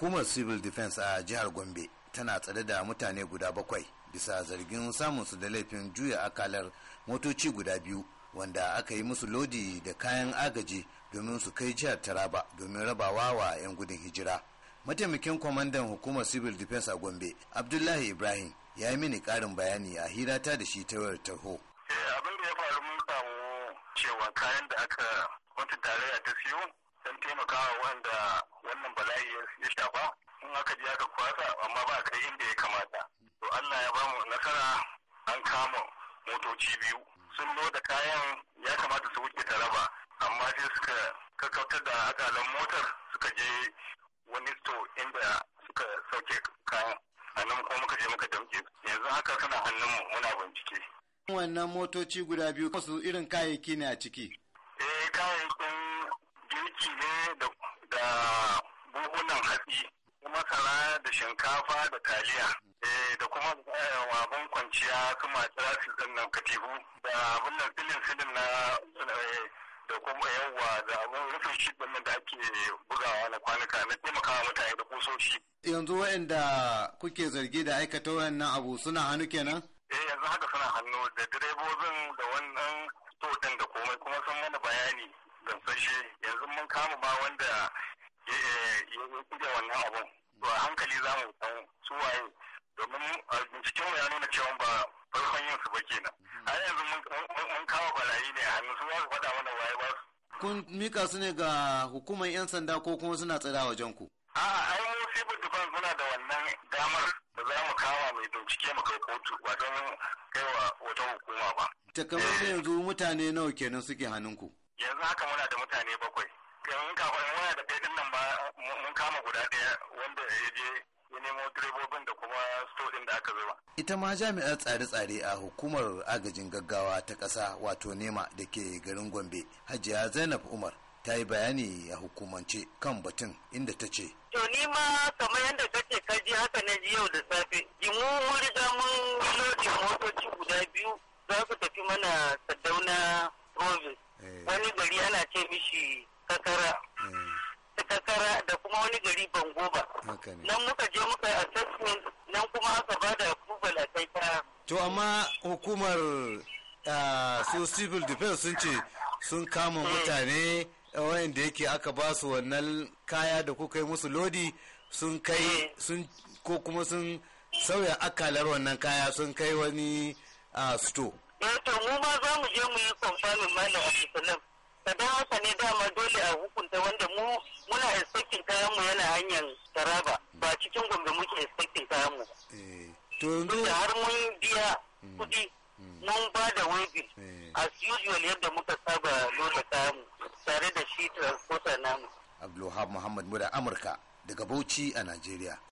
hukumar civil defense a jihar gombe tana tsare da mutane guda bakwai bisa zargin samun su da laifin juya akalar motoci guda biyu wanda aka yi musu lodi da kayan agaji domin su kai jihar taraba domin rabawa wa 'yan gudun hijira mataimakin kwamandan hukumar civil defense a gombe abdullahi ibrahim ya yi mini karin bayani a hirata da shi ta wayar tarho eh, abin da ya faru mun samu cewa kayan da aka wata tarayya ta siyo don taimakawa wanda wannan bala'i ya shafa in aka je aka kwasa amma ba kai inda ya kamata to Allah ya bamu nasara an kama motoci biyu sun loda kayan ya kamata su wuce taraba amma sai suka kakkautar da akalan motar suka je wani sto inda suka sauke kayan a nan kuma muka je muka damke yanzu haka suna mu, muna bincike wannan motoci guda biyu su irin kayayyaki ne a ciki eh kayayyakin aiki ne da buhunan hatsi da masara da shinkafa da taliya eh, da kuma eh, abin kwanciya kuma su matarasi nan katihu da abin nan filin filin na eh, da kuma yawa da abin rufin shi da ake bugawa na kwanuka na taimakawa mutane da kusoshi. yanzu waɗanda kuke zargi da aikata wannan abu suna hannu kenan? eh yanzu haka suna hannu da direbobin da wannan to da komai kuma sun mana bayani da kama ba wanda ya kuɗe wannan abun to a hankali za mu san su waye domin binciken mu ya nuna cewa ba farkon yin su ba kenan mhm. a yanzu mun kama barayi ne a hannu su ba su faɗa mana waye ba su. kun mika su ne ga hukumar 'yan sanda ko kuma suna tsada wajen ku. a'a ai mu civil defense suna da wannan damar da za mu kama mai bincike mu kai kotu ba don wa wata hukuma ba. takamaiman eh. yanzu mutane nawa kenan suke hannunku. yanzu haka muna da mutane bakwai. yanzu waya da kai nan ba mun kama guda ɗaya wanda ya je ya nemo direbobin da kuma stodin da aka zuba. Ita ma jami'ar tsare-tsare a hukumar agajin gaggawa ta ƙasa wato nema da ke garin Gombe, Hajiya Zainab Umar ta yi bayani a hukumance kan batun inda ta ce. To ni ma kamar yadda kake ka ji haka na ji yau da safe. Jimu mun riga mun lodi motoci guda biyu za su tafi mana Sadauna province. wani gari ana ce mishi kakara hmm. kakara da kuma wani gari bango ba nan muka je muka assessment nan kuma aka ba da approval a kai to amma hukumar ah, su civil defense sun ce sun kama hmm. mutane wayanda yake aka ba su wannan kaya da kuka yi musu lodi sun kai hmm. sun ko kuma sun sauya akalar wannan kaya sun kai wani ah, store. Eh, to mu ma za je mu yi kwamfalin malam abdulsalam kadan haka ne dama dole a hukunta wanda mu muna inspecting kayan mu yana hanyar taraba ba cikin gombe muke inspecting kayan mu eh, to yanzu har mun biya mm, kuɗi mm. mun ba da wabi eh. as usual yadda muka saba loda kayan mu tare da shi transporter namu Abdulwahab Muhammad Muda Amurka daga Bauchi a nigeria.